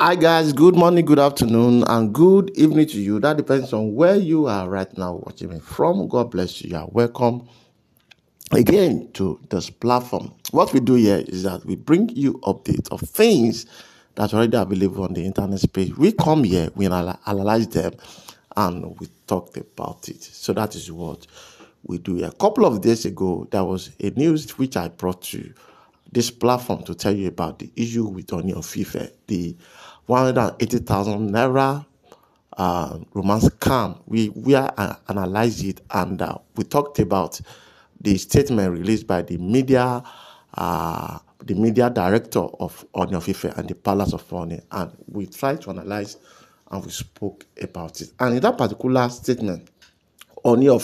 Hi guys, good morning, good afternoon, and good evening to you. That depends on where you are right now watching me from. God bless you. You are welcome again to this platform. What we do here is that we bring you updates of things that already available on the internet space. We come here, we analyze them, and we talk about it. So that is what we do. A couple of days ago, there was a news which I brought to this platform to tell you about the issue with Oni Ofife, the 180,000 naira uh, romance scam. We we uh, analyzed it and uh, we talked about the statement released by the media, uh, the media director of Onion and the Palace of Onion, and we tried to analyze and we spoke about it. And in that particular statement, Onion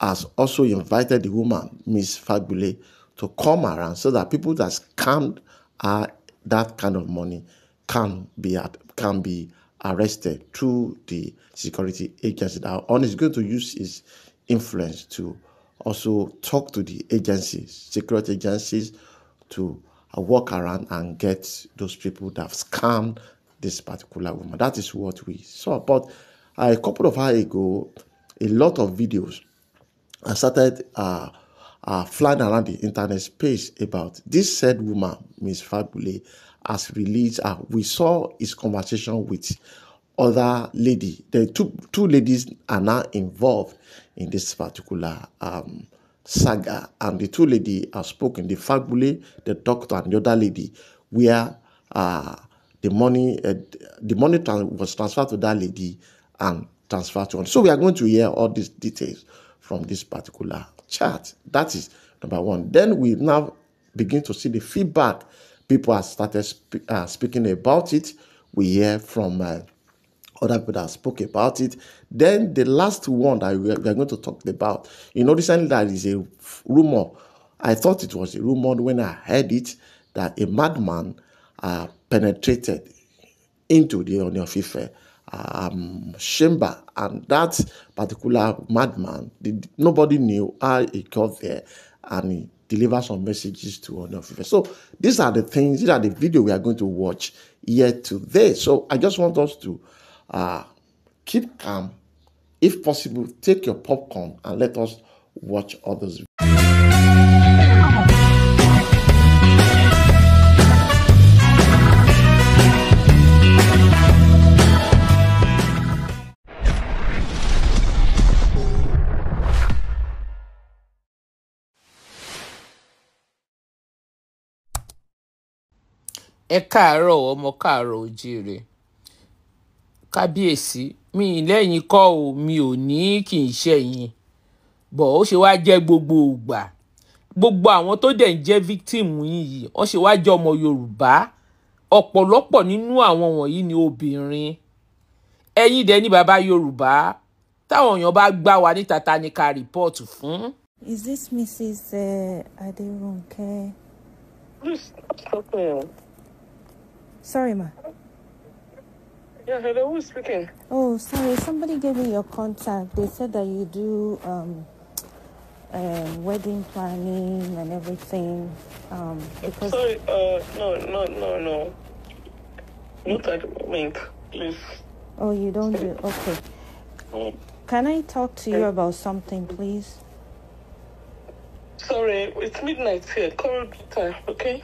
has also invited the woman, Miss Fabule, to come around so that people that scammed her that kind of money can be at, can be arrested through the security agency. Now, on is going to use his influence to also talk to the agencies, security agencies, to uh, walk around and get those people that have scammed this particular woman. That is what we saw. But uh, a couple of hours ago, a lot of videos I uh, started uh, are uh, flying around the internet space about. This said woman, Ms. Fabule, has released, uh, we saw his conversation with other lady. The two, two ladies are now involved in this particular um, saga. And the two lady have spoken, the Fabule, the doctor, and the other lady, where uh, the money uh, the money was transferred to that lady and transferred to one. So we are going to hear all these details from this particular chart. That is number one. Then we now begin to see the feedback. People have started uh, speaking about it. We hear from uh, other people that spoke about it. Then the last one that we are, we are going to talk about, you know, recently there is a rumor. I thought it was a rumor when I heard it that a madman uh, penetrated into the Onion Fife um, chamber. And that particular madman, did, nobody knew how he got there and he delivered some messages to Onyofufe. So these are the things, these are the video we are going to watch here today. So I just want us to uh, keep calm. If possible, take your popcorn and let us watch others. ẹ káàárọ̀ ọmọ káàárọ̀ ojíire kábíyèsí mi lẹ́yìn kọ́ o mi ò ní kì í ṣẹ̀yìn bọ̀ ó ṣe wáá jẹ́ gbogbo ìgbà gbogbo àwọn tó dẹ̀ ń jẹ́ victim yìí wọ́n ṣe wáá jẹ́ ọmọ Yorùbá ọ̀pọ̀lọpọ̀ nínú àwọn wọ̀nyí ni obìnrin ẹ̀yin dẹ̀ ní bàbá Yorùbá táwọn èèyàn bá gbá wa níta ta ni ká rìpọ́ọ̀tù fún. Is this Mrs. uh, Aderonke? Sorry, ma. Yeah, hello, who's speaking? Oh, sorry, somebody gave me your contact. They said that you do um, uh, wedding planning and everything. Um, because... Sorry, uh, no, no, no, no. Not at the please. Oh, you don't do? Okay. Oh. Can I talk to you about something, please? Sorry, it's midnight here. Call me time, okay?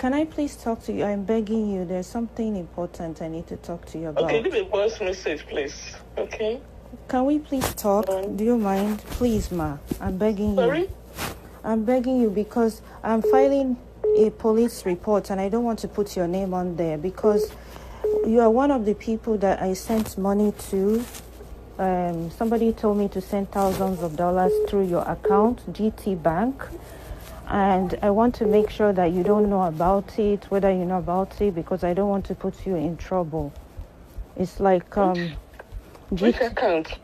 Can I please talk to you? I'm begging you. There's something important I need to talk to you about. Okay, leave a voice message, please. Okay. Can we please talk? Um, Do you mind? Please, ma. I'm begging Sorry? you. Sorry? I'm begging you because I'm filing a police report and I don't want to put your name on there because you are one of the people that I sent money to. Um, somebody told me to send thousands of dollars through your account, GT Bank and I want to make sure that you don't know about it, whether you know about it, because I don't want to put you in trouble. It's like um, G- account?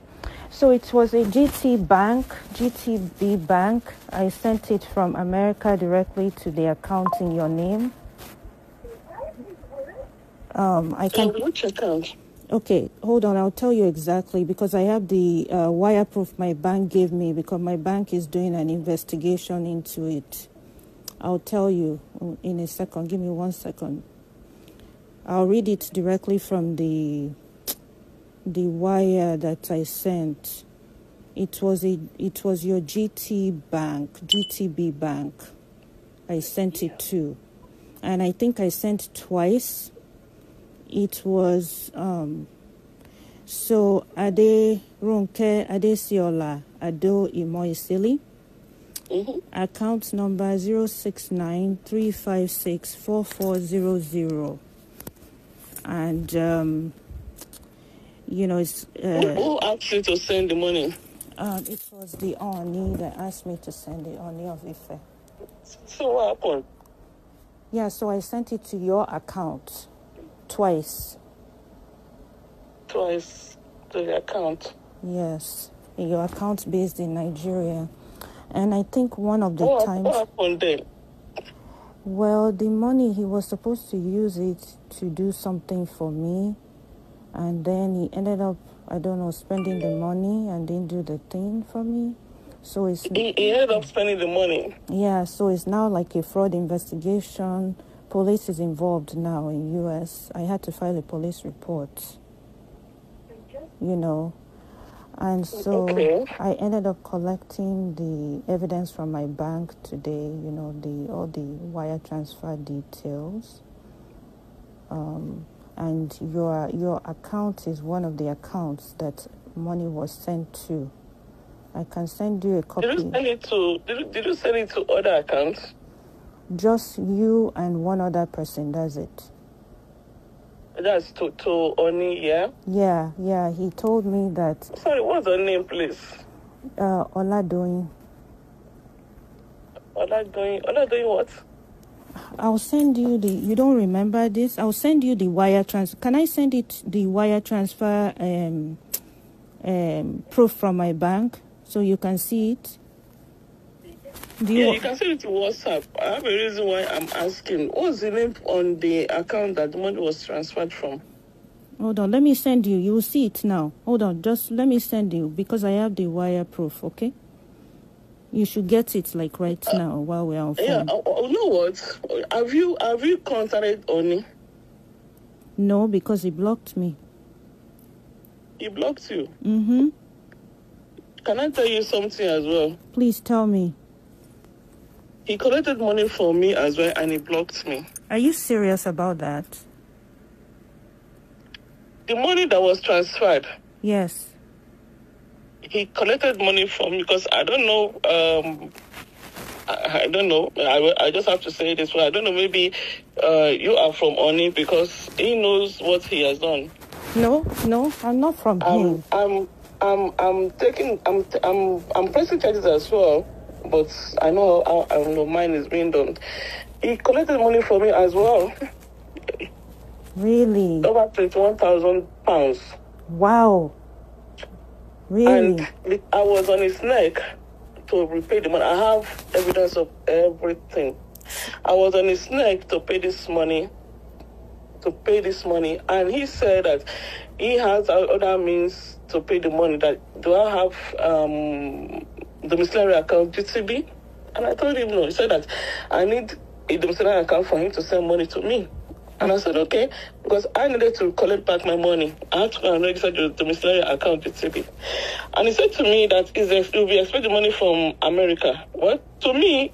So it was a GT Bank, GTB Bank. I sent it from America directly to the account in your name. Um, I can. not Which account? Okay, hold on. I'll tell you exactly because I have the uh, wireproof my bank gave me because my bank is doing an investigation into it. I'll tell you in a second. Give me one second. I'll read it directly from the the wire that I sent. It was a it was your GT bank, GTB bank. I sent it to, and I think I sent twice it was um, so Ade Ronke Adesiola Ado Imoisili. Mm-hmm. Account number 0693564400. And, um, you know, it's. Uh, who, asked you to send the money? Um, it was the Oni that asked me to send the Oni of Ife. So what happened? Yeah, so I sent it to your account twice. Twice to the account? Yes, your account based in Nigeria. And I think one of the what, times. What happened then? Well, the money, he was supposed to use it to do something for me. And then he ended up, I don't know, spending the money and didn't do the thing for me. So it's. He, he ended up spending the money. Yeah, so it's now like a fraud investigation police is involved now in US. I had to file a police report. You know. And so okay. I ended up collecting the evidence from my bank today, you know, the all the wire transfer details. Um, and your your account is one of the accounts that money was sent to. I can send you a copy. Did you send it to did you, did you send it to other accounts? Just you and one other person, does it? That's to, to Oni, yeah? Yeah, yeah. He told me that. Sorry, what's her name, please? Uh, Oladoyin. Oladoyin. Oladoyin what? I'll send you the. You don't remember this? I'll send you the wire transfer. Can I send it the wire transfer um, um, proof from my bank so you can see it? Do you yeah, you can send it to WhatsApp. I have a reason why I'm asking. What's the name on the account that the money was transferred from? Hold on, let me send you. You will see it now. Hold on, just let me send you because I have the wire proof, okay? You should get it like right uh, now while we're on phone. Yeah, oh, uh, oh, you know what? Have you have you contacted Oni? No, because he blocked me. He blocked you? Mm-hmm. Can I tell you something as well? Please tell me. He collected money for me as well and he blocked me. Are you serious about that? The money that was transferred. Yes. He collected money from me because I don't know. Um, I, I don't know. I, I just have to say this. Well, I don't know. Maybe uh, you are from Oni because he knows what he has done. No, no, I'm not from I'm, him. I'm, I'm, I'm taking, I'm, I'm, I'm pressing charges as well but I know how I know mine is being done. He collected money from me as well. Really? Over twenty-one thousand pounds. Wow. Really? And I was on his neck to repay the money. I have evidence of everything. I was on his neck to pay this money, to pay this money, and he said that he has other means to pay the money. That do I have um, domiciliary account GTB? And I told him no. He said that I need a domiciliary account for him to send money to me. And I said, okay, because I needed to collect back my money. I had to go and register the domiciliary account with And he said to me that he will be expecting money from America. Well, to me,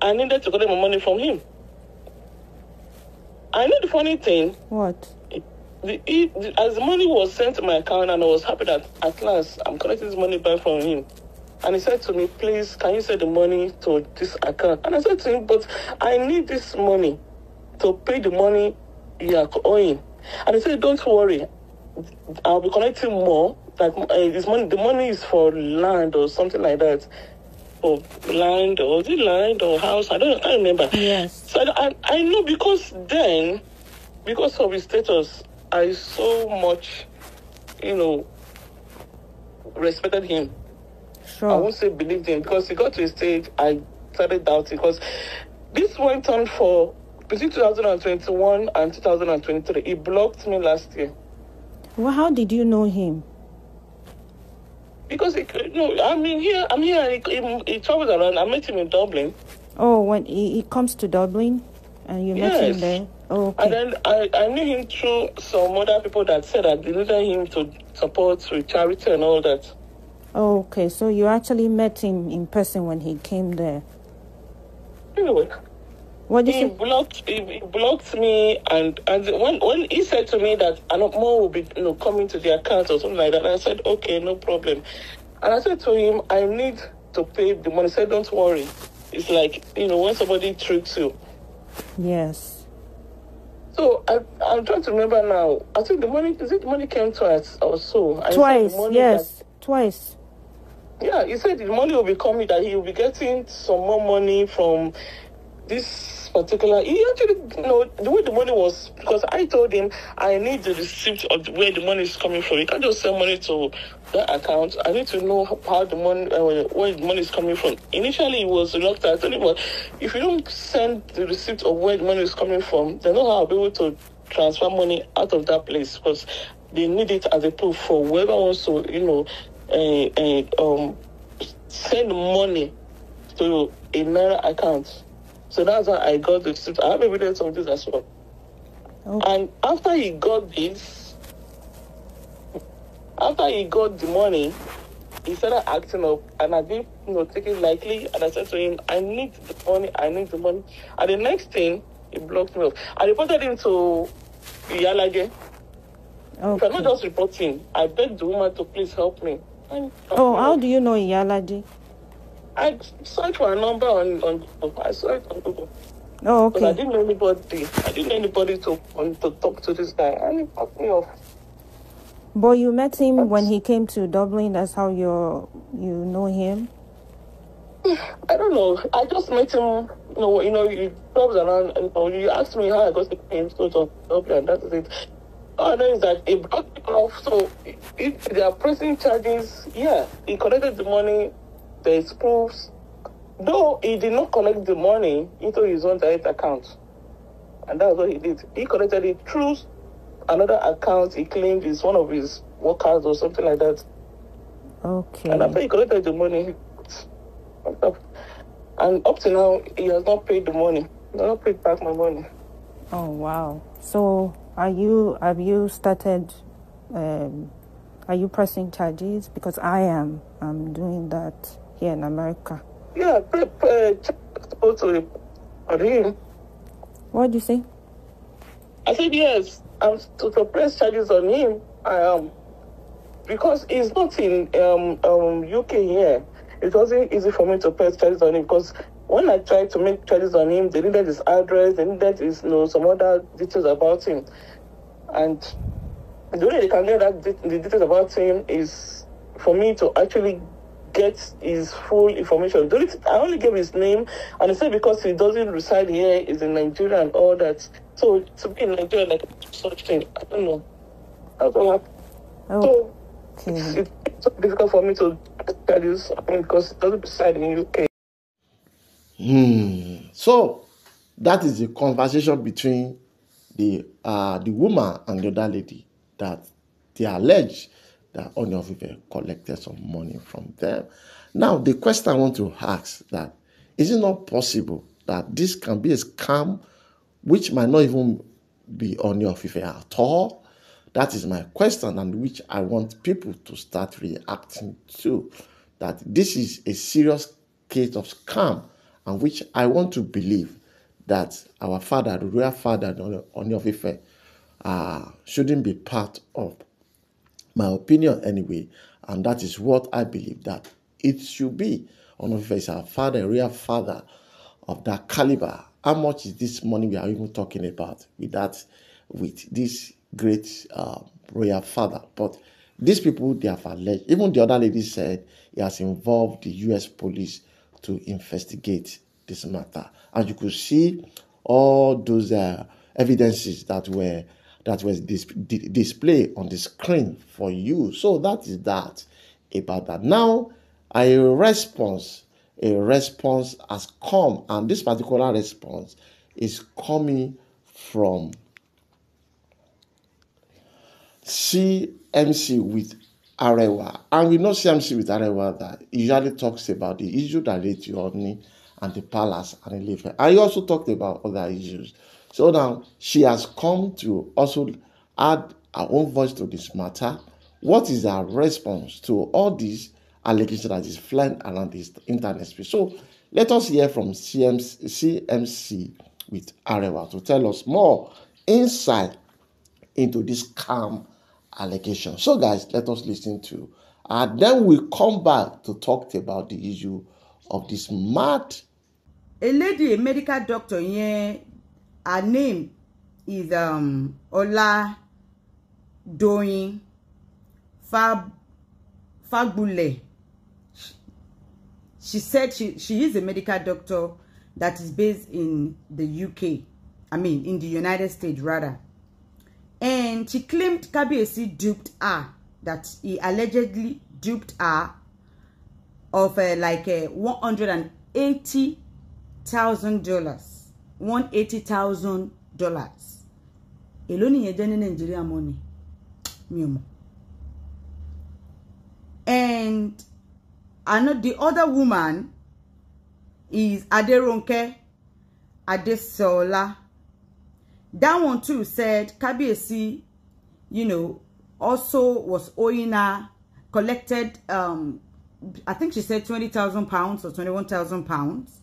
I needed to collect my money from him. I know the funny thing. What? The, the, as the money was sent to my account, and I was happy that at last I'm collecting this money back from him. And he said to me, please, can you send the money to this account? And I said to him, but I need this money to pay the money you are owing. And he said, don't worry, I'll be collecting more. Like uh, this money, the money is for land or something like that. Or land, or is land or house? I don't, I not remember. Yes. So I, I, I know because then, because of his status, I so much, you know, respected him sure. I won't say believed him because he got to a stage I started doubting because this went on for between 2021 and 2023. He blocked me last year. Well, how did you know him? Because he, no, I mean here, I'm here, and he, he, he travels around. I met him in Dublin. Oh, when he, he comes to Dublin, and you yes. met him there. Oh, okay. And then I, I knew him through some other people that said I needed him to support with charity and all that. Okay, so you actually met him in person when he came there. Anyway, what did he blocked he, blocked me and and when when he said to me that a lot more will be you know coming to the account or something like that, I said okay, no problem. And I said to him, I need to pay the money. He said, don't worry. It's like you know when somebody tricks you. Yes. So I, I'm trying to remember now. I think the money is it the money came twice or so. I twice, yes, that, twice. Yeah, he said the money will be coming, that he will be getting some more money from this particular. He actually, you know, the way the money was, because I told him I need the receipt of where the money is coming from. You can't just send money to that account. I need to know how the money, uh, where the money is coming from. Initially, he was reluctant. I told him, well, if you don't send the receipt of where the money is coming from, then know how I'll be able to transfer money out of that place because they need it as a proof for whoever wants to, you know, uh, um, send money to a Naira account. So that's how I got the receipt. I have evidence of this as well. Oh. And after he got this, after he got the money, he started acting up and I didn't you know, take it lightly and I said to him, I need the money, I need the money. And the next thing, he blocked me off. I reported him to Yalage. Okay. So I'm not just him. I begged the woman to please help me. I'm, oh, how do you know Iyalaji? I searched for a number on, on, on I searched on Google. Oh, okay. But I didn't know anybody. I didn't know anybody to um, to talk to this guy, and he fucked me off. But you met him That's... when he came to Dublin. That's how you you know him. I don't know. I just met him. You know, you know, you jobs around, and you, asked me how I got to him, so Dublin. That is it. Other is that he blocked it off. So if they are pressing charges, yeah, he collected the money, there is proofs. Though he did not collect the money into his own direct account. And that's what he did. He collected it through another account he claimed is one of his workers or something like that. Okay. And after he collected the money, and up to now, he has not paid the money. He has not paid back my money. Oh, wow. So are you have you started? Um, are you pressing charges? Because I am. I'm doing that here in America. Yeah, supposed on him. What do you say? I said yes. I'm to, to press charges on him. I am because he's not in um, um, UK here. It wasn't easy for me to press charges on him because when I tried to make charges on him, they needed his address, they needed his, you know, some other details about him. And the only they can get that the details about him is for me to actually get his full information. I only gave his name, and it's because he doesn't reside here, he's in Nigeria and all that. So to be in Nigeria, like such thing, I don't know. I don't Oh. So, it's, it's so difficult for me to tell you something because it doesn't reside in UK. Hmm. So that is the conversation between the uh, the woman and the other lady that they allege that Onyofife collected some money from them. Now the question I want to ask that is it not possible that this can be a scam which might not even be Onyofife at all? That is my question, and which I want people to start reacting to. That this is a serious case of scam and which I want to believe that our father, the real father, on of Ife, uh, shouldn't be part of. My opinion, anyway, and that is what I believe that it should be. on your is our father, a real father of that caliber. How much is this money we are even talking about with that, with this great uh, royal father? But these people, they have alleged, even the other lady said he has involved the US police to investigate this matter. And you could see all those uh, evidences that were that was dis- on the screen for you. So that is that about that. Now, a response, a response has come, and this particular response is coming from CMC with Arewa. And we know CMC with Arewa that he usually talks about the issue that led to Omni and the palace and Ilefe. And he also talked about other issues. So now she has come to also add her own voice to this matter. What is her response to all these allegations that is flying around this internet space? So let us hear from CMC, CMC with Arewa to tell us more insight into this calm allegation. So, guys, let us listen to, and then we come back to talk about the issue of this mad. A lady, a medical doctor, yeah, her name is um Ola Doyin Fab Fabule. she said she, she is a medical doctor that is based in the UK. I mean, in the United States, rather and she claimed Kabiyesi duped her that he allegedly duped her of uh, like uh, one hundred and eighty thousand dollars one eighty thousand dollars èló nìyẹn jẹ́ ní nàìjíríà mọ́ ni mi ò mọ̀ the other woman is Aderonke Adesola. That one too said Kabiesi, you know, also was owing her, collected, um, I think she said 20,000 pounds or 21,000 pounds.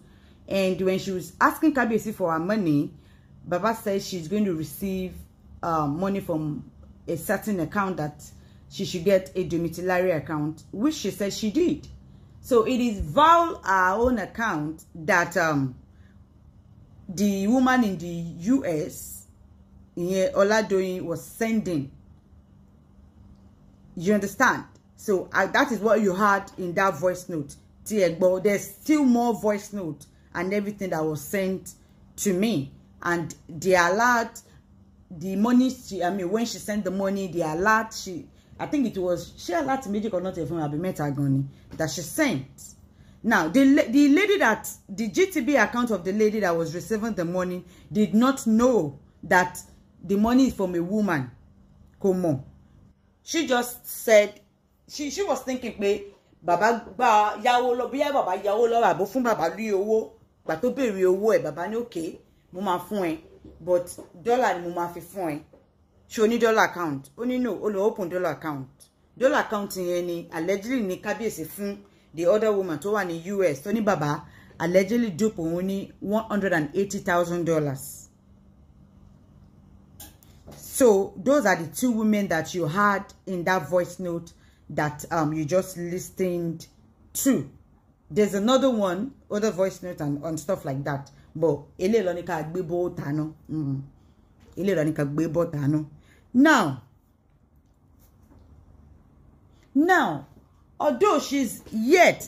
And when she was asking Kabiesi for her money, Baba said she's going to receive uh, money from a certain account that she should get a domiciliary account, which she said she did. So it is via our own account that um, the woman in the U.S ìyẹn Ọládòyìn was sending you understand so that is what you heard in that voice note tí there's still more voice note and everything that was sent to me and they alert the money she i mean when she sent the money they alert. she i think it was she alert. Magic or not even abi be met ni that she sent now the the lady that the GTB account of the lady that was receiving the money did not know that the money is from a woman come on. she just said she she was thinking pé Baba, gba yáwó lo biya Baba, yáwó lo àbó fún bàbá lóye owó gbà tó béèrè owó ẹ bàbá ní òkè mo máa fún ẹ but dollar ni mo máa fi fún ẹ ṣé o ní account ó no ó lọ open dollar account dollar account yẹn ni allegedly ní kábíyèsí fun the other woman tó wà ní US tó ní bàbá allegedly dupe òun ní one hundred and eighty thousand dollars So those are the two women that you had in that voice note that um, you just listened to. There's another one, other voice note and, stuff like that. But tano. tano. Mm-hmm. Now, now, although she's yet,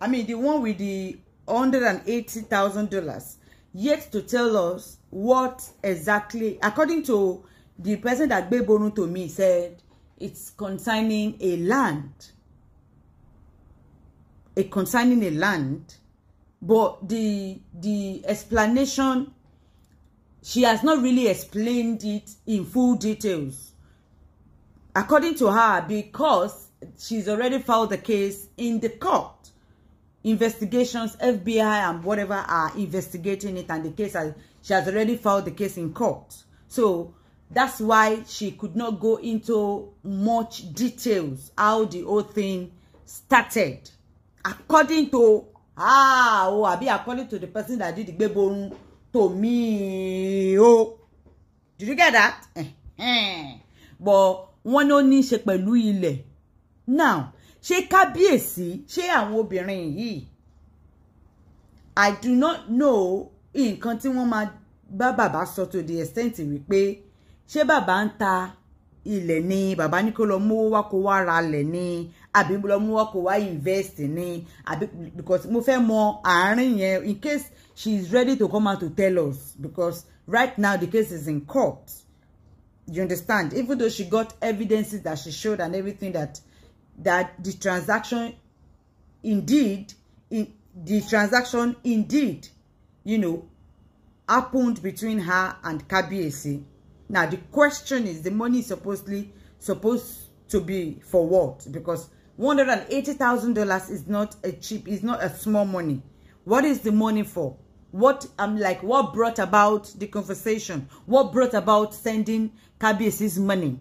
I mean the one with the $180,000, yet to tell us what exactly, according to the person that gave Bonu to me said it's concerning a land. A concerning a land. But the the explanation, she has not really explained it in full details. According to her, because she's already filed the case in the court. Investigations, FBI and whatever are investigating it and the case, has, she has already filed the case in court. So, that's why she could not go into much details how the whole thing started according to ah oh abi according to the person that did the gbeborun to me oh did you get that eh, eh. but wọn ló ní í ṣe pẹ̀lú ilẹ̀ now ṣé kábíyèsí ṣé àwọn obìnrin yìí i do not know nǹkan tí wọ́n máa bá bàbá sọ to the extent wípé ṣé bàbá ń ta ilẹ̀ ni bàbá ní kó lọ mówó wá kó wá ra lẹ̀ ni àbí lọ mú wá kó wá invest ni àbí because mo fẹ́ mọ àárín yẹn in case she is ready to come out to tell us because right now the case is in court you understand even though she got evidences that she showed and everything that that the transaction indeed in, the transaction indeed you know happened between her and Kabiyesi Now the question is the money is supposedly supposed to be for what? Because $180,000 is not a cheap, is not a small money. What is the money for? What I'm um, like, what brought about the conversation? What brought about sending Kabiesi's money?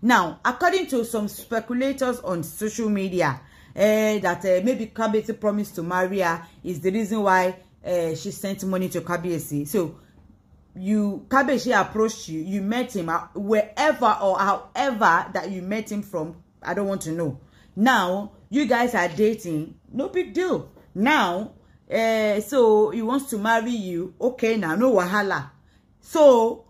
Now, according to some speculators on social media, uh, that uh, maybe Kabiesi promised to marry her is the reason why uh, she sent money to Kabiesi. So you Kabeshi approached you, you met him uh, wherever or however that you met him from, I don't want to know. Now, you guys are dating, no big deal. Now, uh, so he wants to marry you, okay now, no wahala. So,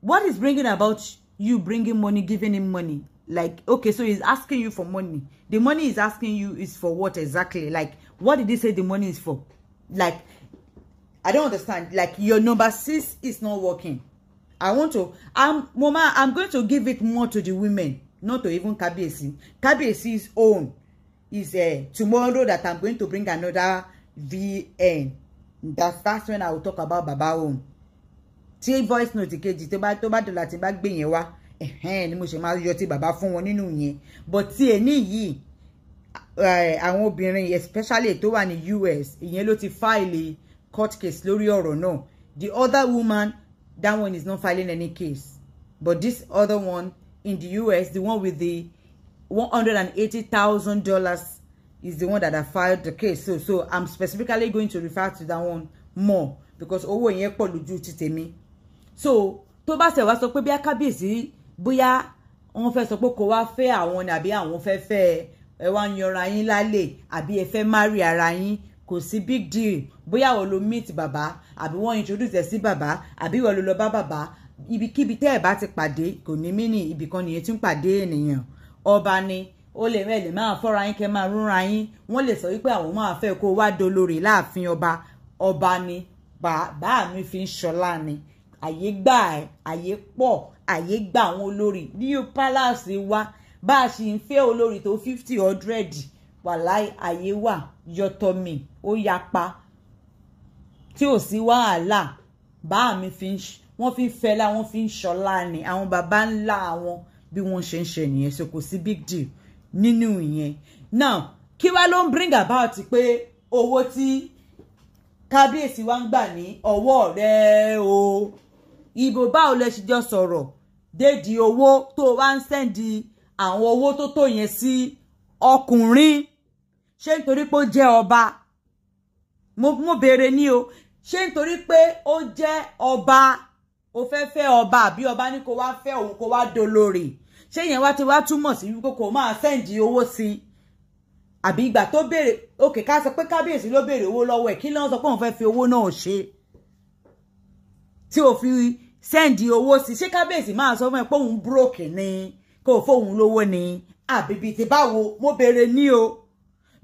what is bringing about you bringing money, giving him money? Like, okay, so he's asking you for money. The money he's asking you is for what exactly? Like, what did he say the money is for? Like, I don't understand. Like your number six is not working. I want to. I'm Mama. I'm going to give it more to the women, not to even Kabiyesi. Kabiyesi's own is uh, tomorrow that I'm going to bring another VN. That's that's when I will talk about Baba own. Tí voice note Toba Toba bá tó bag dọ̀là tí bá gbé ni mo ṣe máa yọ ti bàbá fún wọn nínú yẹn but ti èní yìí eh, àwọn obìnrin especially tó wà ní US ìyẹn ló ti fáìlì court case lórí ọ̀rọ̀ náà the other woman that one is not filing any case but this other one in the US the one with the one hundred and eighty thousand dollars is the one that have filed the case so so I'm specifically going to refer to that one more because owó yẹn pọ̀ lójú ti tèmi so tó bá ṣẹ̀ wá sọ pé bí akábíyèsí bóyá wọ́n fẹ́ sọ pé kò wá fẹ́ àwọn ni àbí àwọn fẹ́ fẹ́ ẹ wá ń yanra yín lálẹ́ àbí ẹ fẹ́ má ara yín kò sí big deal bóyá o lo meet bàbá àbí wọ́n introduce ẹ̀ sí bàbá àbí ìwọ lo lọ bá bàbá ibikíbi tẹ́ ẹ̀ bá ti pàdé kò ní mí ní ibìkan nìyẹn tún pàdé ènìyàn ọba ni ó lè mẹ́lẹ̀ máa fọ́ra yín kẹ́ máa rúnra yín wọ́n lè sọ wípé àwọn máa fẹ́ kó wá dolórí láàfin ọba ọba ni bàbá mi fi ń ṣọlá ni àyè gbà ẹ́ àyè pọ̀ àyè gbà àwọn olórí new palace wa bá a sì ń fẹ́ olórí tó fifty hundred wàláì àyè wà yọtọ̀mì ó yapa tí ò sí wàhálà bá mi fi ń wọ́n fi ń fẹ́lá wọ́n fi ń ṣọlá ni àwọn baba ńlá àwọn bí wọ́n ṣe ń ṣe nìyẹn so kò sí big deal nínú ìyẹn now kí wá ló ń bring about pé owó tí kábíyèsí wa ń gbà ní ọwọ́ rẹ̀ o ibo báwo lẹ ṣe jọ sọ̀rọ̀ déèdì owó tó o wá ń sẹ́ndì àwọn owó tó tó yẹn sí ọkùnrin ṣé nítorí pé ó jẹ́ ọba mo mo béèrè ní o ṣé nítorí pé ó jẹ́ ọba ó fẹ́ fẹ́ ọba àbí ọba ní kó wá fẹ́ òun kó wá dolórí ṣé yẹn wá ti wá túmọ̀ sí wípé kò máa sẹ́ǹdì owó sí i àbí ìgbà tó béèrè òkè ká sọ pé kábíyèsí ló béèrè owó lọ́wọ́ ẹ̀ kí ló ń sọ pé òun fẹ́ fi owó náà ṣe tí ò fi sẹ́ǹdì owó sí ṣé kábíyèsí máa sọ fún ẹ pé òun búròkì ni kò fóun lówó ni àbíbi tí báwo mo béèrè ní o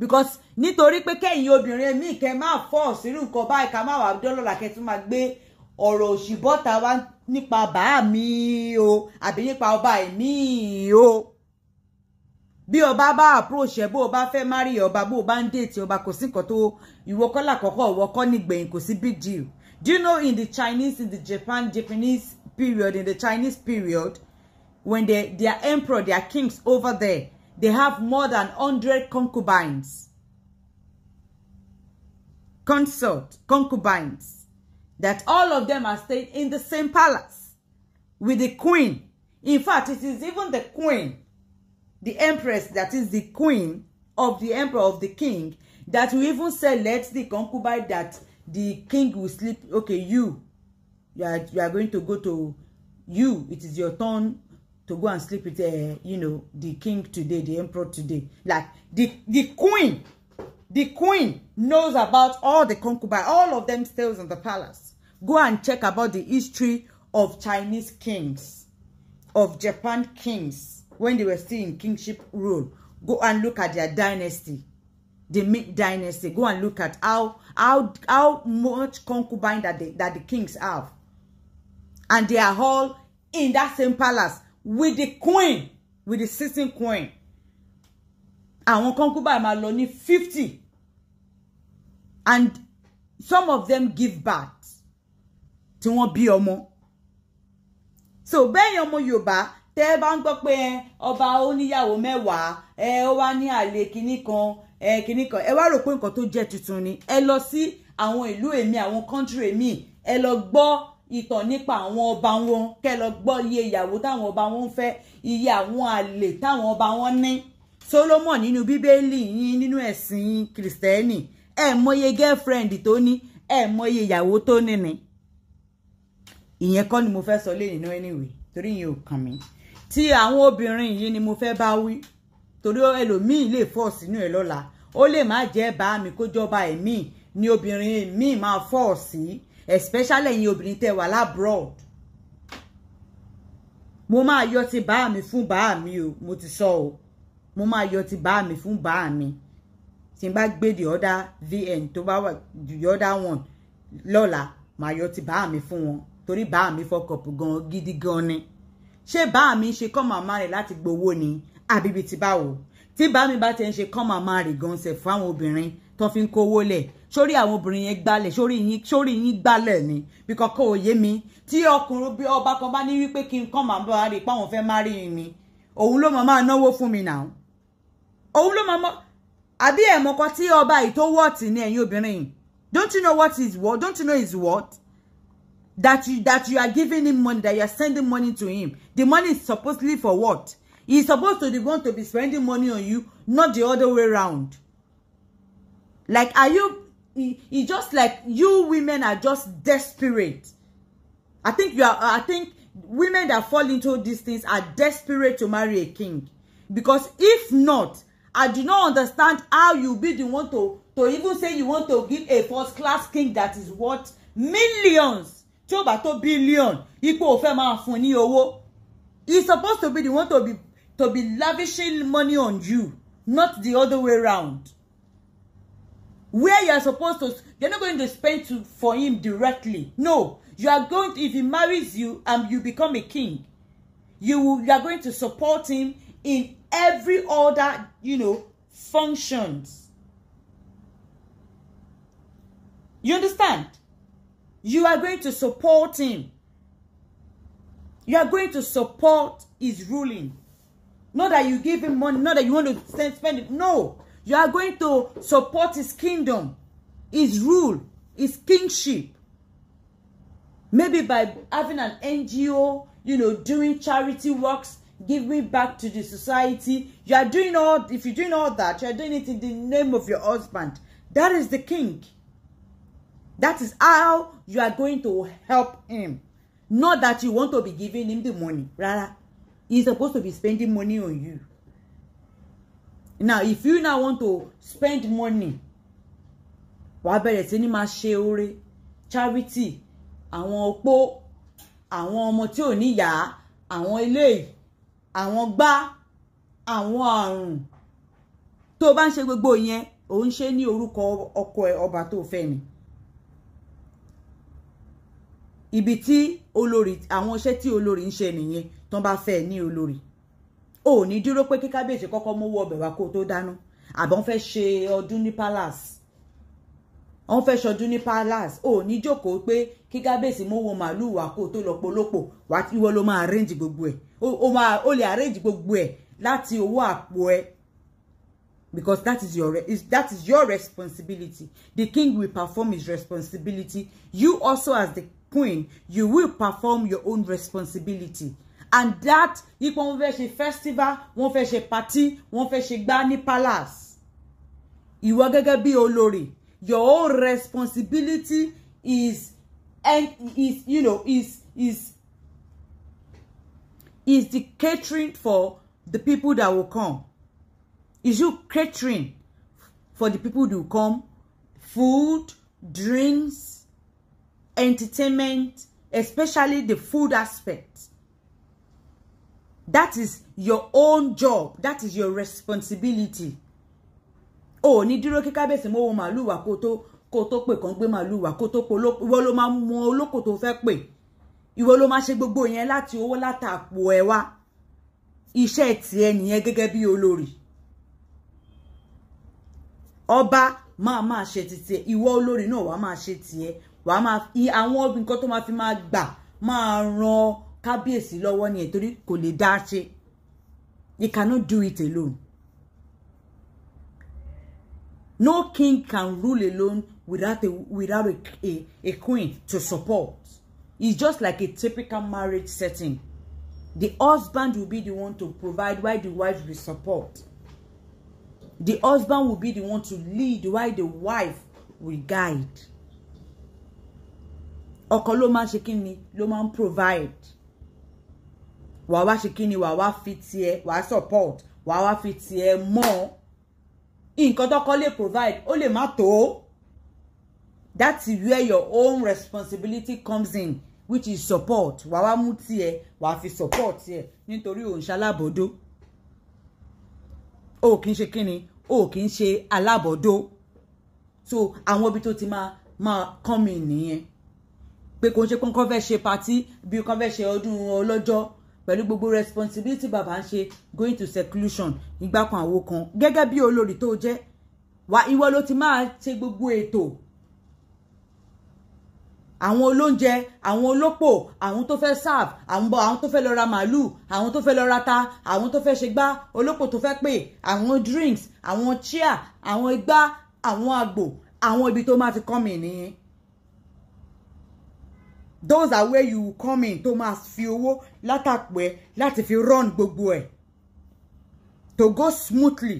because nítorí pé kẹ́yìn obìnrin mi kẹ́ máa fọ́ sírú nǹkan báyìí ká má wàá dọ́lọ́là kẹ́ tún máa gbé ọ̀rọ̀ òṣì bọ́ta wá nípa bàá mi o àbí nípa ọba ẹ̀mí o bí ọba bá approach ẹ bó o bá fẹ́ marry ọba bó o bá ń date ọba kò sí nǹkan tó ìwọ kọ́ làkọ́kọ́ ìwọ kọ́ nígbẹ̀yìn kò sí big deal do you know in the Chinese in the Japan Japanese period in the Chinese period when they their emperor their kings over there they have more than 100 concubines. Consort, concubines. That all of them are staying in the same palace with the queen. In fact, it is even the queen, the empress that is the queen of the emperor of the king, that will even say, let the concubine that the king will sleep. Okay, you, you are, you are going to go to, you, it is your turn to go and sleep with, uh, you know, the king today, the emperor today. Like, the, the queen, the queen knows about all the concubines, all of them stays in the palace. Go and check about the history of Chinese kings, of Japan kings, when they were still in kingship rule. Go and look at their dynasty, the Ming dynasty. Go and look at how how how much concubine that, they, that the kings have. And they are all in that same palace with the queen with the sitting queen àwọn kan kú báyìí máa lọ ní fifty and some of them give birth tí wọ́n bí ọmọ so bẹ́ẹ̀ ọmọ Yorùbá tẹ́ ẹ bá ń gbọ́ pé ọba oníyàwó mẹ́wàá ẹ ó wá ní àlè kinní kan ẹ kinní kan ẹ wá rò pé nǹkan tó jẹ́ tuntun ni ẹ lọ sí àwọn ìlú èmi àwọn country èmi ẹ lọ gbọ́ ìtàn nípa àwọn ọba wọn kẹ́ lọ gbọ́ iye ìyàwó táwọn ọba wọn ń fẹ́ iye àwọn àlè táwọn ọba wọn ní Solomon nínú bíbélì yín nínú ẹ̀sìn kìrìsìtẹ́nì ẹ mọye girlfriend tó ní ẹ mọye ìyàwó tó ní ni ìyẹn kọ́ ni mo fẹ́ sọ lẹ́yìn náà anyway torí ìyẹn ò kàn mí tí àwọn obìnrin yìí ni mo fẹ́ bá wí torí ẹlòmíì lè fọ́ sínú ẹ̀ lọ́la ó lè má jẹ́ bá mi kó jọba ẹ̀mí ni obìnrin míì máa fọ́ sí especially ẹ̀yin obìnrin tẹ́ wà lábroad mo máa yọ ti bá mi fún bá mi o mo ti sọ o mo máa yọ ti bá mi fún bá mi tí n bá gbé the other vn tó bá wà the other one lọ́la màá yọ ti bá mi fún wọn torí bá mi fọkọ̀pù gan gidi gan ni ṣé bá mi ṣe kọ́ màmá rẹ̀ láti gbowó ni àbíbi ti báwo tí bá mi bá ti ń ṣe kọ́ màmá rẹ̀ gan ṣe fún àwọn obìnrin tán fi ń kówó lẹ̀ sórí àwọn obìnrin yẹn gbalẹ̀ sórí yín sórí yín gbalẹ̀ ni bíkọ́ kó o yé mi tí ọkùnrin bí ọba kan bá ní wípé kí n kàn máa bá rí i pé àwọn fẹ́ má rí i ni òun ló máa máa náwó fún mi náà òun ló máa mọ àbí ẹ̀mọ́kọ tí ọba yìí tó wọ́ọ̀tì ni ẹ̀yin obìnrin don't you know what is what don't you know is what that you that you are giving him money that you are sending money to him the money is supposedly for what he is supposed to be one to be spending money on you not the other way round. Like, are you, it's just like you women are just desperate. I think you are, I think women that fall into these things are desperate to marry a king. Because if not, I do not understand how you be the one to, to even say you want to give a first class king that is worth millions tí to billion ipò ò fẹ́ máa fún ní he supposed to be the one to be to be lavishing money on you not the other way round where you are supposed to you're not going to spend to, for him directly no you are going to if he marries you and um, you become a king you you are going to support him in every other you know functions you understand you are going to support him you are going to support his ruling not that you give him money not that you want to spend it no you are going to support his kingdom, his rule, his kingship. Maybe by having an NGO, you know, doing charity works, giving back to the society. You are doing all, if you're doing all that, you're doing it in the name of your husband. That is the king. That is how you are going to help him. Not that you want to be giving him the money. Rather, he's supposed to be spending money on you. now if you now want to spend money wàá bẹ̀rẹ̀ sí ní máa ṣe oore charity àwọn opó àwọn ọmọ tí ò níyàá àwọn ilé àwọn gbá àwọn àrùn tó o bá ń ṣe gbogbo yẹn ò ń ṣe ní orúkọ ọkọ ẹ ọba tó fẹ́ ni ibi tí olórí àwọn iṣẹ́ tí olórí ń ṣe nìyẹn tán bá fẹ́ ní olórí ò ní dúró pé kí kábíyèsí kọ́kọ́ mówó ọbẹ̀ wá kó tó dáná àbọ̀n fẹ́ ṣe ọdún ní palace wọ́n fẹ́ ṣọdún ní palace ò ní jókòó pé kí kábíyèsí mówó màálùú wá kó tó lọ́pọ̀lọpọ̀ wá ìwọ ló máa arrange gbogbo ẹ̀ o lè arrange gbogbo ẹ̀ láti owó àpò ẹ̀ because that is your is that is your responsibility the king will perform his responsibility you also as the queen you will perform your own responsibility and that ipò wọn fẹ́ ṣe festival wọn fẹ́ ṣe party wọn fẹ́ ṣe gbá ní palace ìwọ gẹ́gẹ́ bí olórí your whole responsibility is and is you know is is is the catering for the people that will come is you catering for the people that will come food drinks entertainment especially the food aspect that is your own job that is your responsibility o ni dúró kí kábíyèsí mọ ohun màálù wà kó tó kó tó pè kàn gbé màálù wà kó tó pè ìwọ ló máa mọ olóko tó fẹ́ pè ìwọ ló máa ṣe gbogbo yẹn láti owó látàpò ẹ wá iṣẹ́ tiẹ̀ nìyẹn gẹ́gẹ́ bí olórí ọba máa máa ṣe títí ìwọ olórí náà wàá máa ṣe tiẹ̀ wàá máa àwọn nǹkan tó máa fi máa gbà máa ràn kábíyèsí lọ́wọ́ ni ẹ̀ torí kò lè dá ṣe you cannot do it alone no king can rule alone without a without a, a, a queen to support it's just like a typical marriage setting the husband will be the one to provide while the wife will support the husband will be the one to lead while the wife will guide ọkọ ló máa ṣe kí ni ló máa provide wàá wá ṣe kíni wàá wá fi tiẹ̀ wàá support wàá wá fi tiẹ̀ mọ́ nǹkan tọ́kọ lè provide ó lè má tó that's where your own responsibility comes in which is support wàá wá mú tiẹ̀ wàá fi support tiẹ̀ nítorí òun ṣalábòdó o kì í ṣe kíni o kì í ṣe alábòdó so àwọn ibi tó ti máa máa kán mi nìyẹn pé kò ń ṣe pé kò ń fẹ́ ṣe patí bí kò ń fẹ́ ṣe ọdún ọlọ́jọ́ pẹ̀lú gbogbo responsibility bàbá ń ṣe going to seclusion ìgbà kan àwo kan gẹ́gẹ́ bí olórí tó jẹ́ wà ìwọ ló ti máa ṣe gbogbo ètò àwọn olóúnjẹ àwọn olópò àwọn tó fẹ́ serve àwọn àwọn tó fẹ́ lọ ra màálù àwọn tó fẹ́ lọ ra ta àwọn tó fẹ́ ṣe gbá olópò tó fẹ́ pè àwọn drinks àwọn chair àwọn igbá àwọn àgbò àwọn ibi tó máa ti come in nìyẹn those are where you come in tó máa fi owó látàpọ̀ ẹ láti fi run gbogbo ẹ̀ to go smoothly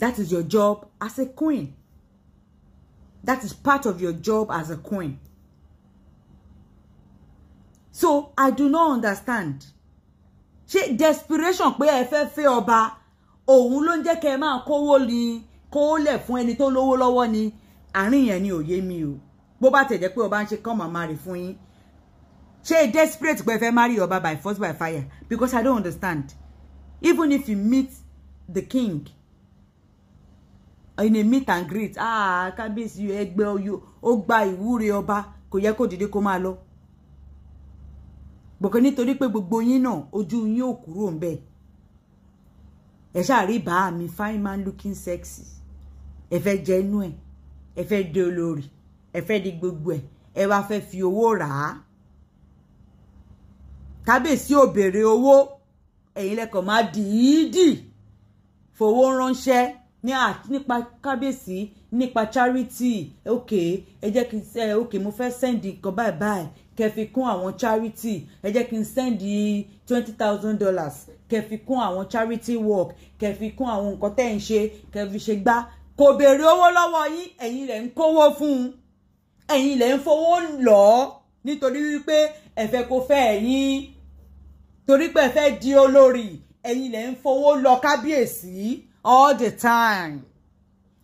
that is your job as a queen that is part of your job as a queen so I do not understand ṣe desperation pé ẹ fẹ́ fẹ́ ọba òun ló ń jẹ́ kẹ́ ẹ máa kówó ni kówó lẹ̀ fún ẹni tó lówó lọ́wọ́ ni àárín yẹn ni òye mi o bó bá tẹ̀ jẹ́ pé ọba ń ṣe kán màmá rè fún yín She desperate pé fẹ́ marry ọba by force by fire because i don't understand even if you meet the king in a meet and greet ah kábíyèsí ẹgbẹ́ ọyọ ó gba ìwúre ọba Oba yẹ kó dìde kó máa lọ gbọ̀kan nítorí pé gbogbo yín náà ojú yín ò kúrò ń bẹ̀ ẹ ṣáà rí mi fine man looking sexy ẹ fẹ́ jẹ inú ẹ ẹ fẹ́ di olórí di gbogbo ẹ ẹ wá fẹ́ fi owó rà kábíyèsí ò béèrè owó ẹ̀yin lẹ́kọ̀ọ́ máa dìídì fowó ránṣẹ́ ní nípa kábíyèsí nípa charity ok ẹ jẹ́ kí n ṣe ok mo fẹ́ sẹ́ndì nǹkan báyìí báyìí kẹ́ fi kún àwọn charity ẹ jẹ́ kí n sẹ́ndì twenty thousand dollars kẹ́ fi kún àwọn charity work kẹ́ fi kún àwọn nǹkan tẹ́ ń ṣe kẹ́ fi ṣe gbá kò béèrè owó lọ́wọ́ yín ẹ̀yin lẹ̀ ń kówó fún un ẹ̀yin lẹ̀ ń fowó lọ̀ nítorí wípé ẹ̀fẹ́ kò fẹ́ ẹ̀yin torí pé ẹ fẹ́ di olórí ẹ̀yin lẹ̀ ń fowó lọ kábíyèsí all the time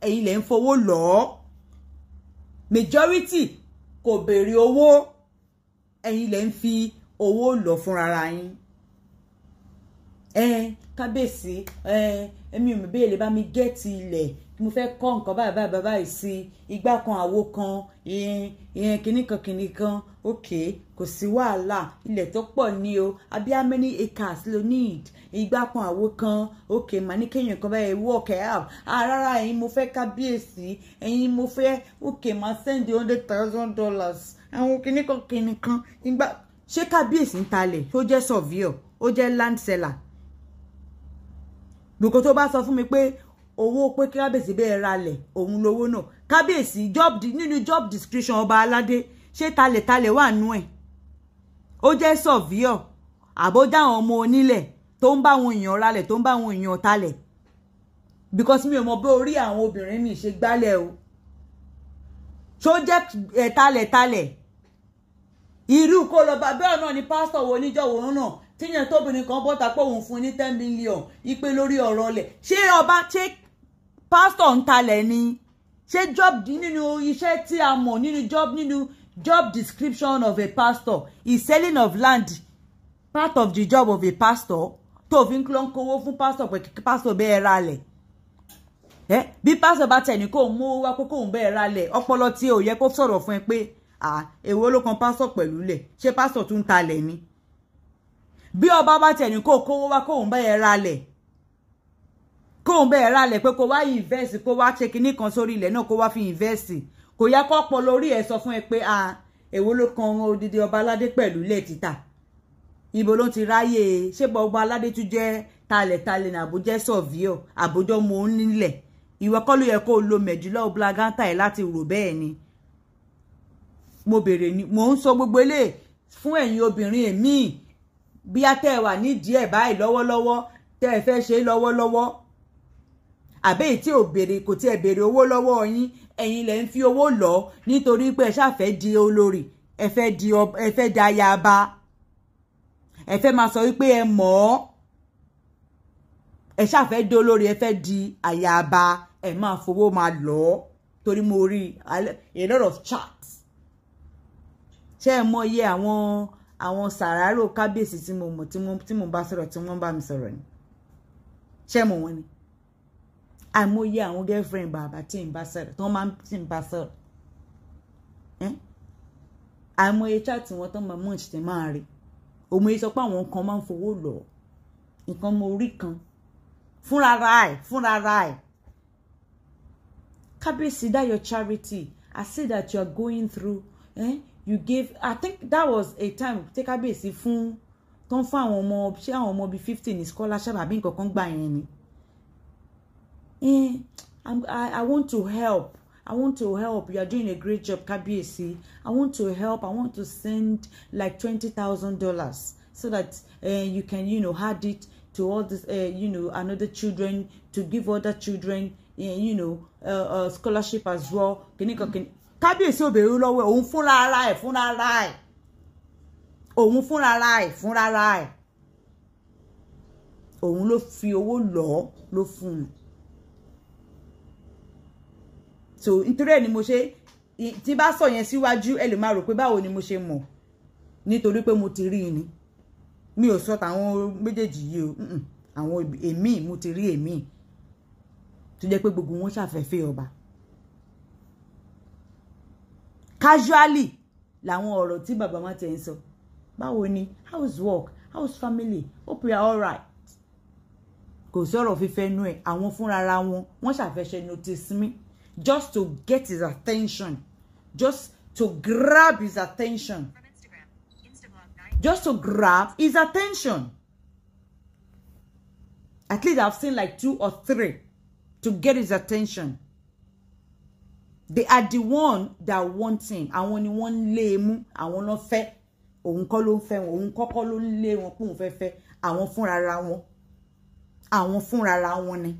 ẹ̀yin lẹ̀ ń fowó lọ majority kò béèrè owó ẹ̀yin lẹ̀ ń fi owó lọ fúnra yín kábíyèsí èmi ò mọ̀ bí èlé bá mi gẹ́ẹ̀tì ilẹ̀ mo fẹ́ kọ́ nǹkan báyìí báyìí báyìí sí igbá kan àwo kan ìyẹn kinní kan kinní kan òkè kò sí wàhálà ilẹ̀ tó pọ̀ ní o àbí how many acres lo need ìgbà kan àwo kan òkè mà ní kéèyàn kan báyìí work out ah, rárá ẹ̀yin mo fẹ́ kábíyèsí ẹ̀yin mo fẹ́ òkè mà send hundred thousand dollars àwọn kinní kan kinní kan ìgbà ṣé kábíyèsí ń talẹ̀ tó jẹ́ surveyor ó jẹ́ land seller gbogbo tó bá sọ fún mi pé owó pé kábíyèsí bẹ́ẹ̀ ralẹ̀ òun lówó náà kábíyèsí nínú job description ọba aládé ṣé talẹ̀talẹ̀ wà nú ẹ̀ ó jẹ́ sọ̀víọ̀ àbójá àwọn ọmọ onílẹ̀ tó ń bá àwọn èèyàn ralẹ̀ tó ń bá àwọn èèyàn talẹ̀ because mi ò mọ bí orí àwọn obìnrin mi ṣe gbálẹ̀ o ṣó jẹ́ ẹ̀ talẹ̀talẹ̀ irú kó lọ bá bẹ́ẹ̀ náà ni pásítọ̀ wo oníjọ́wọ́ náà tíyẹn tóbìnrin kan bọ́ta pé òun fún ní ten million ipe lórí ọ̀rọ̀ ọlẹ̀ ṣé ọba ṣé Pastor ń talẹ̀ ni ṣé job nínú iṣẹ́ tí a mọ̀ nínú job nínú job description of a pastor is selling of land part of the job of a pastor tó fi ń lọ ń kówó fún pastor pé kí pásítọ̀ bẹ́ẹ̀ ra lẹ̀ ẹ bí pásítọ̀ bá tẹ̀ ní kó mú wá kó kóun bẹ́ẹ̀ ra lẹ̀ ọpọlọ tí ò yẹ kó sọ̀rọ̀ fún ẹ pé à èwo ló kan pásítọ̀ pẹ̀lú lẹ̀ ṣé pásítọ̀ tún talẹ̀ ni bí ọba bá tẹ̀ ní kó kówó wá kóun bẹ́ẹ̀ ra lẹ̀ kóun bẹ́ẹ̀ ralẹ̀ pé kó wá invest kó wá ṣe kinní kan sórí ilẹ̀ náà kó wá fi invest kò yá kó pọ̀ lórí ẹ̀ sọ fún ẹ pé a èwo ló kan odidi ọba aládé pẹ̀lú ilé títà ibo ló ti ráyè ṣé ọba aládé tún jẹ́ talẹ̀talẹ̀ ní àbújẹ́ sọ̀víọ̀ àbújọ́ mo ń nílẹ̀ ìwọ kọ́ ló yẹ kó o lo mẹ̀dúlá oblaganta ẹ̀ láti rò bẹ́ẹ̀ ni mo bèrè ni mo ń sọ gbogbo eléyìí fún ẹ̀yin obìnrin èmi bí a tẹ́ wà nídìí ẹ̀ báyìí lọ́wọ́lọ́wọ́ tẹ́ ẹ fẹ́ ṣe lọ́wọ́lọ́wọ́ àbẹ́ tí ò béèrè kò tí ẹ béèrè owó lọ́wọ́ yín ẹ̀yin lẹ̀ ń fi owó lọ nítorí pé ẹ ṣàfẹ́ di olórí ẹ fẹ́ di ayaba ẹ fẹ́ máa sọ wípé ẹ mọ̀ ọ́ ẹ ṣàfẹ́ di olórí ẹ fẹ́ di ayaba ẹ máa fowó máa lọ torí mo rí a lot of chat ṣé ẹ mọ iye àwọn àwọn sàràrò kábíyèsí tí mo mọ̀ tí mo bá sọ̀rọ̀ tí wọ́n bá mi sọ̀rọ̀ ni ṣé mo wọn ni àìmọye àwọn girlfriend bàbá tí n bá sọ̀rọ̀ tí wọ́n máa ń tí n bá sọ̀rọ̀ àìmọye chat wọn tó máa munch tí máa rí òmòye sọ pé àwọn kan máa ń fowó lọ nǹkan mo rí kan fúnra ra ẹ̀ fúnra ra ẹ̀ kábíyèsí that your charity I see that you are going through eh? you gave I think that was a time tí kábíyèsí fún tó ń fún àwọn ọmọ ṣé àwọn ọmọ bíi fifteen ní scholarship àbí nǹkan kan gbà yẹn ni eh, I'm, I, I want to help. I want to help. You are doing a great job, Kabiyesi. I want to help. I want to send like twenty thousand dollars so that uh, you can, you know, add it to all this, uh, you know, another children to give other children, uh, you know, uh, uh, scholarship as well. Kìnìkan kìnì Kábíyèsí obìnrin lọ́wọ́ òun fúnra ara ẹ̀ fúnra ara ẹ̀ òun fúnra ara ẹ̀ fúnra ara ẹ̀ òun ló fi owó lọ́ọ́ ló fún un so nítorí ẹ̀ ni mo ṣe tí bá sọ yẹn síwájú ẹ lè máa rò pé báwo ni mo ṣe mọ̀ nítorí pé mo ti rí i ni mi ò sọ tàwọn méjèèjì yìí o àwọn èmi mo ti rí èmi tó jẹ́ pé gbogbo wọn ṣàfẹ́fẹ́ ọba casually làwọn ọ̀rọ̀ tí bàbá wọn ti ń sọ báwo ni how's work house family hope you are alright kò sí ọ̀rọ̀ fífẹ́ nú ẹ̀ àwọn fúnra wọn wọ́n ṣàfẹ́ṣẹ́ notice me just to get his attention, just to grab his attention, just to grab his attention. At least I've seen like two or three to get his attention. They are the one that want him. I want one lame. I want mú, àwọn náà fẹ́. Òun kọ́ ló I want wọn, òun kọ́kọ́ I want fun around pé òun fẹ́ fẹ́.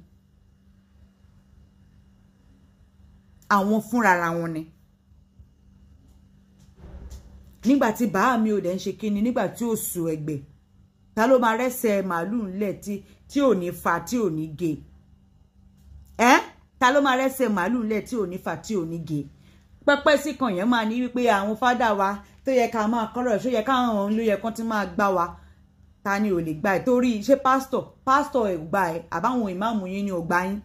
àwọn fúnra ara wọn ni nígbà tí bàá mi ò dẹ̀ ń ṣe kíni nígbà tí ò sùn ẹ̀gbẹ́ ta ló máa rẹ́sẹ̀ màálù ńlẹ̀ tí tí ò ní fa tí ò ní ge ẹ́ ta ló máa rẹ́sẹ̀ màálù ńlẹ̀ tí ò ní fa tí ò ní ge pẹpẹ sí kan yẹn máa ní wípé àwọn fádà wa tó yẹ ká máa kọ́rọ̀ ṣó yẹ káwọn òun ló yẹ kán ti máa gbá wa ta ni ò lè gbà ẹ torí ṣé pásítọ̀ pásítọ̀ ẹ̀ gbà ẹ àbáwọn ìmáàmù yín ni ò gbà yín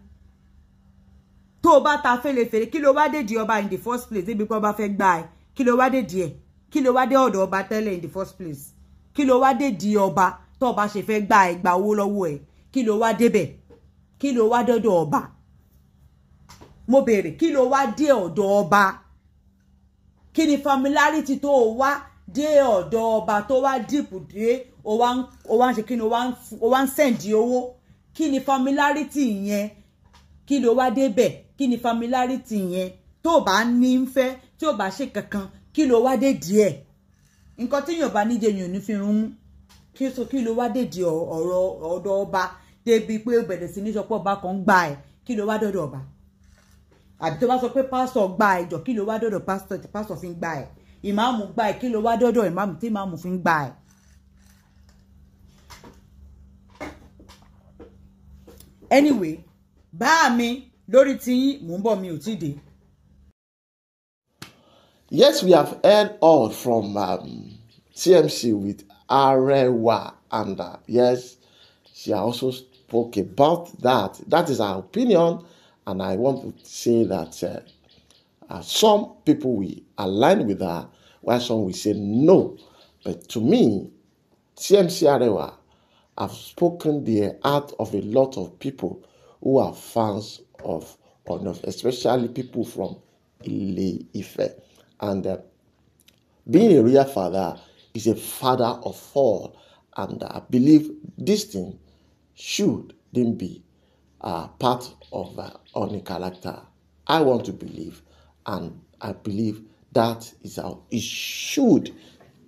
tó bá ta fẹ́lẹ́fẹ́lẹ́ kí ló wá dédìí ọba in the first place débi ba ọba fẹ́ gbà ẹ kí ló wá dédìí ẹ kí ló wá dé ọ̀dọ̀ ọba tẹ́lẹ̀ in the first place kí ló wá dédìí ọba tó ba ṣe fẹ́ gbà ẹ gba owó lọ́wọ́ ẹ kí ló wá débẹ̀ kí ló wá dọ́dọ̀ ọba mo béèrè kí ló wá dé ọ̀dọ̀ ọba kí ni familiarity tó o odo oba. ọ̀dọ̀ ọba tó wá dìpù dé o wá ń ṣe kí ni o wá ń sẹ̀ǹdì owó kí ni familiarity yẹn kí ló wá débẹ̀ kí ni familiarity yẹn tó o bá ní ń fẹ́ tí o bá ṣe kankan kí ló wá dé díẹ̀ nǹkan tí yóò bá níjẹ yóò ní fi rún mú kí so kí ló wá dé ọ̀rọ̀ ọ̀dọ̀ ọba débi pé o bẹ̀rẹ̀ sí ní sọ pé ọba kan gba ẹ̀ kí ló wá dọ̀dọ̀ ọba àbí tó bá sọ pé pásítọ̀ gba ẹ̀ jọ kí ló wá dọ̀dọ̀ pásítọ̀ tí pásítọ̀ fi ń gba ẹ̀ ìmáàmù gba ẹ̀ kí ló wá dọ̀dọ̀ ìmáàmù tí ìmáàmù fi ń gba ẹ̀. anyway bá mi lórí tiyín mò ń bọ̀ mi ò tí ì dé. Yes, we have heard all from um, TMC with Arewa Anda. Yes, she also spoke about that. That is her opinion, and I want to say that uh, uh, some people we align with her, while some we say no. But to me, TMC Arewa have spoken the heart of a lot of people who are fans of Onos, especially people from Ile Ife. And uh, being a real father is a father of all. And I believe this thing should then be uh, part of uh, Oni character. I want to believe, and I believe that is how it should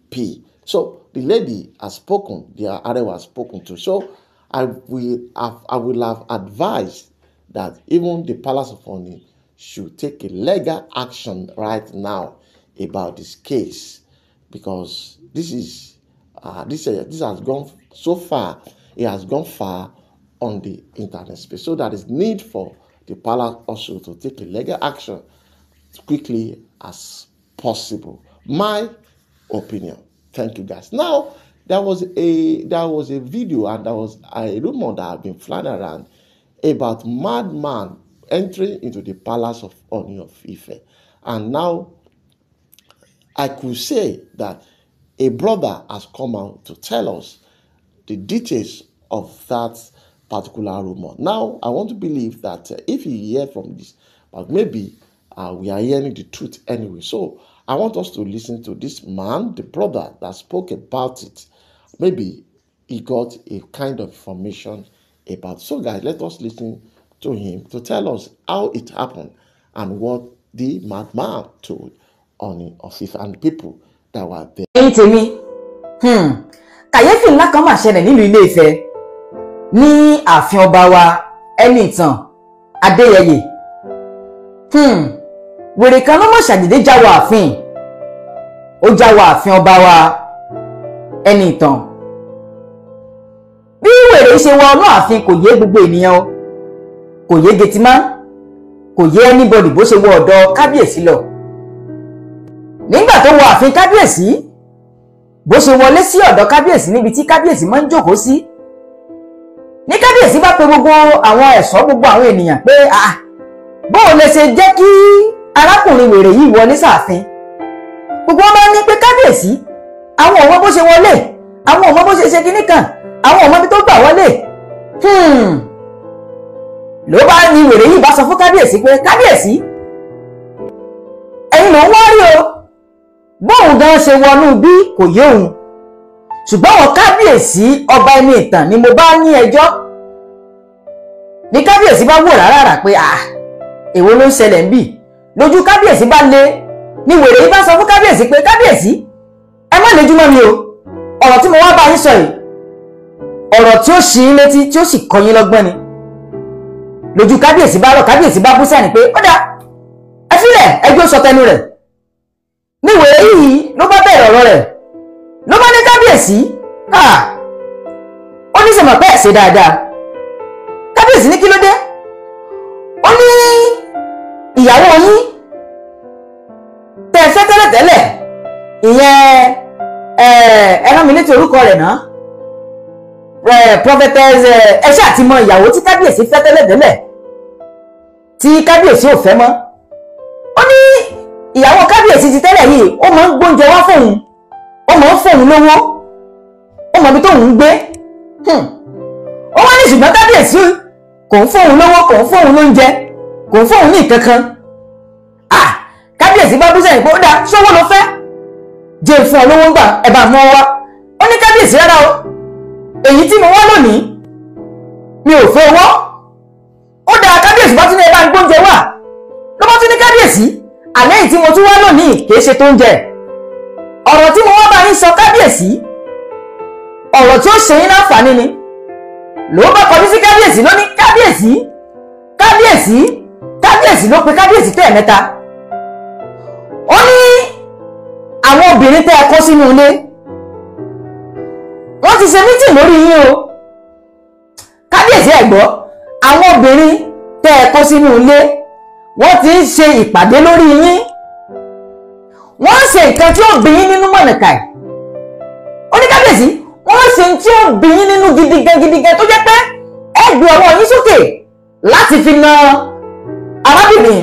be. So the lady has spoken, the other has spoken to. So I will have, I will have advised that even the Palace of Oni should take a legal action right now about this case because this is uh, this uh, this has gone so far it has gone far on the internet space so there is need for the palace also to take a legal action as quickly as possible my opinion thank you guys now there was a there was a video and there was a rumor that had been flying around about madman entering into the palace of Oni of Ife. And now I could say that a brother has come out to tell us the details of that particular rumor. Now, I want to believe that uh, if you hear from this, but maybe uh, we are hearing the truth anyway. So I want us to listen to this man, the brother that spoke about it. Maybe he got a kind of information about. So, guys, let us listen to him to tell us how it happened and what the madman told on of Ife and people that were there. ẹ̀yin tèmi hmm. kàyéfì ńlá kan mà ṣẹlẹ̀ nílùú Ilé-Ifẹ̀ ní ààfin ọba wa ẹni ìtàn Adéyẹyè hmm. wèrè kan ló mọ̀ ṣàdédé jáwọ́ ààfin ó jáwọ́ ààfin ọba wa ẹni ìtàn béèrè ṣe wọ ọlọ́ àfin kò yé gbogbo ènìyàn o kò yé Gẹ̀tìmá kò yé anybody bó ṣe wọ ọ̀dọ̀ kábíyèsí lọ nígbà tó wọ àfin kábíyèsí bó ṣe wọlé sí ọ̀dọ̀ kábíyèsí níbi tí kábíyèsí máa ń jókòó sí ní kábíyèsí bá pe gbogbo àwọn ẹ̀ṣọ́ gbogbo àwọn ènìyàn pé ah bóun lè ṣe jẹ́ kí arákùnrin wèrè yìí wọlé sáàfin gbogbo wọn bá ní pé kábíyèsí àwọn ọmọ bó ṣe wọlé àwọn ọmọ bó ṣe ṣe kinní àwọn ọmọ ibi tó gbà wọlé hmm. ló bá ní wèrè yìí bá sọ fún kábíyèsí pé kábíyèsí ẹ̀yin ló ń wá rí o bóun gan ṣe wọnú bí kò yé òun ṣùgbọ́n àwọn kábíyèsí ọba ẹni ìtàn ni mo bá ní ẹjọ́ ní kábíyèsí bá wò rárá pé à ah, èwo ló ń ṣẹlẹ̀ ń bì lójú kábíyèsí bá le ni wèrè yìí bá sọ fún kábíyèsí pé kábíyèsí ẹ má lejúmọ́ mi o ọ̀rọ̀ tí mo wá bá yín sọ yìí ọ̀rọ̀ tí ó sì ń létí tí ó sì kọyín lọ́gbọ́n ni lójú kábíyèsí bá rọ̀ kábíyèsí bá bú sẹ́ni pé ó dáa ẹ sílẹ̀ ẹjọ́ sọ tẹnu rẹ̀ níwèé yìí ló bá bẹ̀rẹ̀ ọ̀rọ̀ rẹ̀ ló bá ní kábíyèsí ó ní sọ̀mọ̀ pẹ́ ṣe dáadáa kábíyèsí ní kí ló dé ó ní ìyàwó yín tẹ̀ fẹ́ tẹ́lẹ̀tẹ́lẹ̀ ìyẹn ẹ̀ẹ́dẹ́gbẹ̀mí létí orúkọ rẹ̀ náà. Eh, prophetess eh, ẹ ṣáà ti mọ ìyàwó tí kábíyèsí fẹ́ tẹ́lẹ̀tẹ́lẹ̀ tí kábíyèsí ò fẹ́ mọ́ ó ní ìyàwó kábíyèsí ti tẹ́lẹ̀ yìí ó máa ń gbóúnjẹ wá fóun ó máa ń fóun lówó ó mọ ibi tóun ń gbé hmm. ó wá ní ṣùgbọ́n kábíyèsí kò ń fóun lówó kò ń fóun lóúnjẹ kò ń fóun ní ìkankan ah, kábíyèsí bá bú sẹ́yìn pé ó dáa ṣówó ló fẹ́ jẹ́ fún ọ lówó ń gbà ẹ̀ bá mọ́ wa ó ní kábíyèsí rárá o èyí tí mo wá lónìí mi ò fẹ́ owó ó dáa kábíyèsí bá tún ní ẹ bá ń gbóúnjẹ wà ló bá tún ní kábíyèsí àlẹ́ èyí tí mo tún wá lónìí kì í ṣe tó ń jẹ ọ̀rọ̀ tí mo wá bá yín sọ kábíyèsí ọ̀rọ̀ tí ó ṣe yín láǹfààní ni ló bá kọjú sí kábíyèsí ló ní kábíyèsí kábíyèsí kábíyèsí ló pe kábíyèsí tẹ̀ mẹ́ta ó ní àwọn obìnrin tẹ́ ẹ kó sínú ilé ti ṣe mítìn lórí yín o kábíyèsí ẹ̀gbọ́ àwọn obìnrin tẹ́ ẹ kó sínú ilé wọ́n ti ń ṣe ìpàdé lórí yín wọ́n ń ṣe nǹkan tí ó bí yín nínú mọ̀nìkà ẹ̀ oníkábíyèsí wọ́n ṣe tí ó bí yín nínú gidigan gidigan tó jẹ́ pé ẹ gbé ọwọ́ yín sókè láti fi na arábìnrin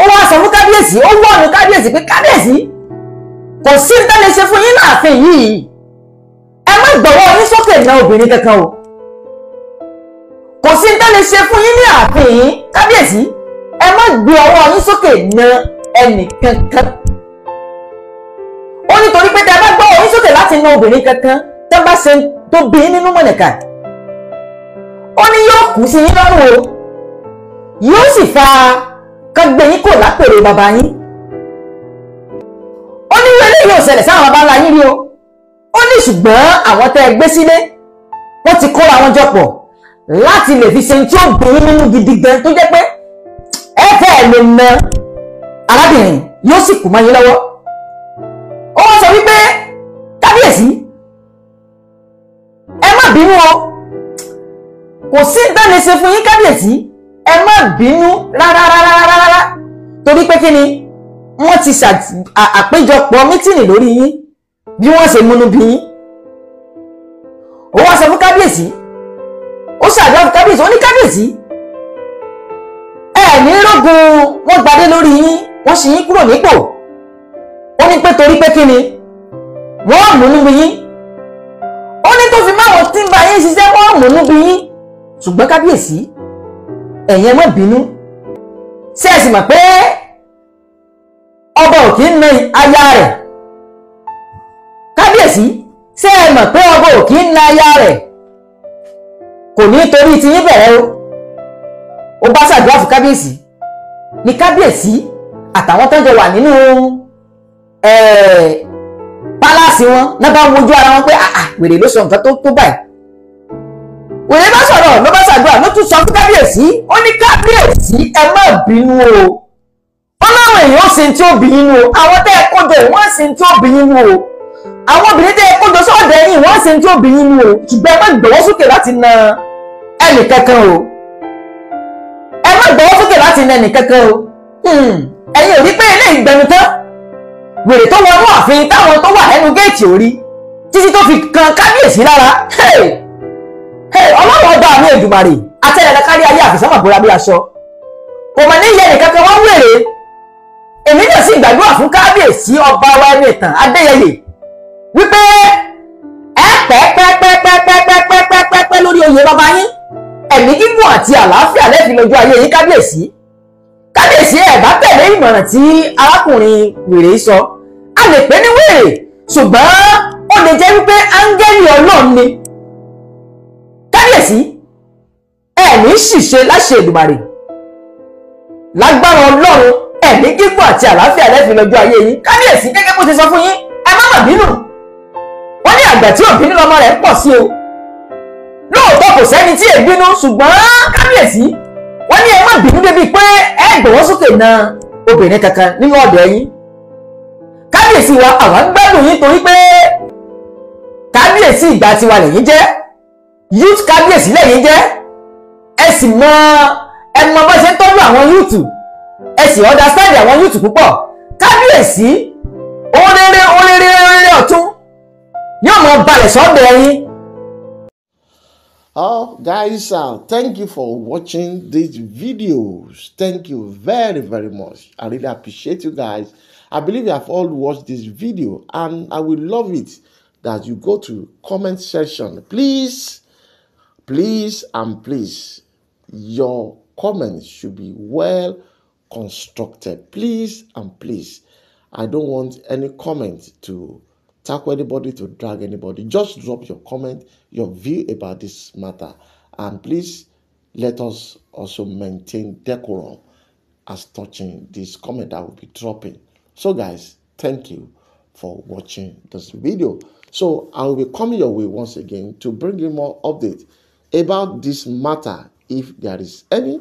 ó wá sọ fún kábíyèsí ó wọ̀nù kábíyèsí pé kábíyèsí kò sí ní tẹ́lẹ̀ ṣe fún yín láàfin yìí ẹ má gbọ́wọ́ yín sókè ná obìnrin kankan o kò sí tẹ́lẹ̀ ṣe fún yín ní ààfin yín kábíyèsí ẹ má gbé ọwọ́ yín sókè ná ẹnì kankan ó nítorí pé tẹ́ bá gbọ́ ọwọ́ yín sókè láti ná obìnrin kankan tẹ́ bá ṣe tó bí nínú mọ̀nìkà ó ní yóò kù sí yín lọ́rùn o yóò sì fa kágbé yín kò lápèrè bàbá yín ó ní wẹ́lẹ́ yóò ṣẹlẹ̀ sáwọn bàbá yín rí o ṣùgbọ́n àwọn tẹ́ ẹ gbé sílé wọ́n ti kóra wọn jọ pọ̀ láti lè fi ṣe tí ó bẹ̀rẹ̀ nínú gidi gan tó jẹ́ pé ẹ fẹ́ ẹ lè na arábìnrin yóò sì kù mọ́ yín lọ́wọ́ ó wọ́n sọ wípé kábíyèsí ẹ má bínú o kò sí dání ṣe fún yín kábíyèsí ẹ má bínú rárárárárá torí pé kí ni wọ́n ti ṣàpéjọpọ̀ mítìnì lórí yín bí wọ́n ṣe múnú bí yín ó wá sọ fún kábíyèsí ó ṣàdúrà fún kábíyèsí ó ní kábíyèsí ẹ ní rógun gbadé lórí yín wọ́n ṣì yín kúrò nípò ó ní pé torí pé kí ni wọ́n mú níbi yín ó ní tó fi máwọn tí ń bá yín ṣiṣẹ́ wọ́n mú níbi yín ṣùgbọ́n kábíyèsí ẹ̀yin ẹ bínú ṣé ẹ sì mọ̀ pé ọba ò kì í na aya rẹ̀ kábíyèsí ṣé ẹ mọ̀ pé ọgbọ́n ò kí ń na aya rẹ̀ kò ní torí ti yín bẹ̀rẹ̀ o ó bá ṣàdúrà fún kábíyèsí ní kábíyèsí àtàwọn tó ń jẹ wà nínú pálásì wọn náà bá wojú ara wọn pé ah, ah, wèrè ló sọ nǹkan tó báyìí wèrè bá sọ̀rọ̀ ló bá ṣàdúrà ló tún sọ fún kábíyèsí ó ní kábíyèsí ẹ má bínú o ó láwọn èèyàn ó sin tí ó bí o àwọn tẹ́ ẹ kó jọ wọ́n sin tí ó bí o àwọn obìnrin tẹ́ kó jọ sọ́ọ̀dẹ̀ yìí wọ́n sì ń tí obìnrin mu o ṣùgbọ́n ẹ má gbọ́wọ́ sókè láti na ẹnì kankan o ẹ má gbọ́wọ́ sókè láti na ẹnì kankan o hmm. ẹ̀yin ò rí pé ilé ìgbẹ̀nu tán wèrè tó wọnú ààfin táwọn tó wà lẹ́nu géètì ò rí títí tó fi kan kábíyèsí lára ọlọ́run ọba mi èdùmàrè atẹ́lẹ̀lẹ́ kárí ayé àfẹ́sọ́mà bóra bí aṣọ kò mọ̀ ní iye nìkan kan wọ́n wèrè èmi náà sì gbàdúrà fún kábíyèsí ọba wa ẹni ìtàn adéyẹyè wípé ẹ pẹ́ pẹ́ pẹ́ pẹ́ pẹ́ pẹ́ pẹ́ pẹ́ pẹ́ pẹ́ lórí oyè bàbá yín ẹ̀mí gígùn àti àlàáfíà lẹ́ẹ̀fi lójú ayé yín kábíyèsí kábíyèsí ẹ̀ bá tẹ̀lé ìmọ̀ràn tí arákùnrin wèrè sọ a lè pè ní wèrè ṣùgbọ́n ó lè jẹ́ wípé áńgẹ́lì ọlọ́run ni kábíyèsí ẹ̀mí ṣìṣe láṣẹ Èdùmàrè lágbára ọlọ́run ẹ̀mí gígùn àti àlàáfíà lẹ́ẹ̀fi lójú ayé yín kábíyèsí gẹ́gẹ́ bó ti sọ fún yín ẹ má mà bínú wọ́n ní àgbà tí òbínú lọ́mọ rẹ̀ pọ̀ sí o lóòótọ́ kò sẹ́ni tí èbínú ṣùgbọ́n kábíyèsí wọ́n ní ẹ má bínú débi pé ẹ gbọ́wọ́ sókè na obìnrin kankan nínú ọ̀dọ̀ ẹ̀yin kábíyèsí wa àwọn gbádùn yín torí pé kábíyèsí ìgbà tiwa lẹ́yìn jẹ́ youth kábíyèsí lẹ́yìn jẹ́ ẹ sì mọ ẹ mọ bá ṣe ń tọ́jú àwọn youth ẹ sì understand àwọn youth púpọ̀ kábíyèsí ó rere ó rere yóò mọ balẹ̀ sọ́dọ̀ yín. Oh, guys, uh, thank you for watching these videos. Thank you very, very much. I really appreciate you guys. I believe you have all watched this video, and I will love it that you go to comment section. Please, please, and please, your comments should be well constructed. Please and please, I don't want any comment to tackle anybody, to drag anybody. Just drop your comment, your view about this matter. And please let us also maintain decorum as touching this comment I will be dropping. So, guys, thank you for watching this video. So, I will be coming your way once again to bring you more update about this matter, if there is any,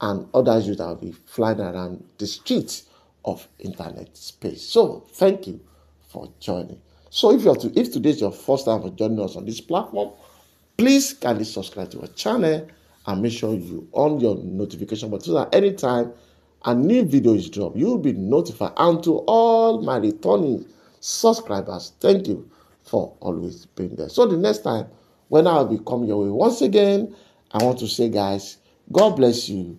and other issues that will be flying around the streets of internet space. So, thank you for joining. So if you're to, if today is your first time for joining us on this platform, please kindly subscribe to our channel and make sure you on your notification button so that anytime a new video is dropped, you'll be notified. And to all my returning subscribers, thank you for always being there. So the next time when I'll be coming your way once again, I want to say, guys, God bless you.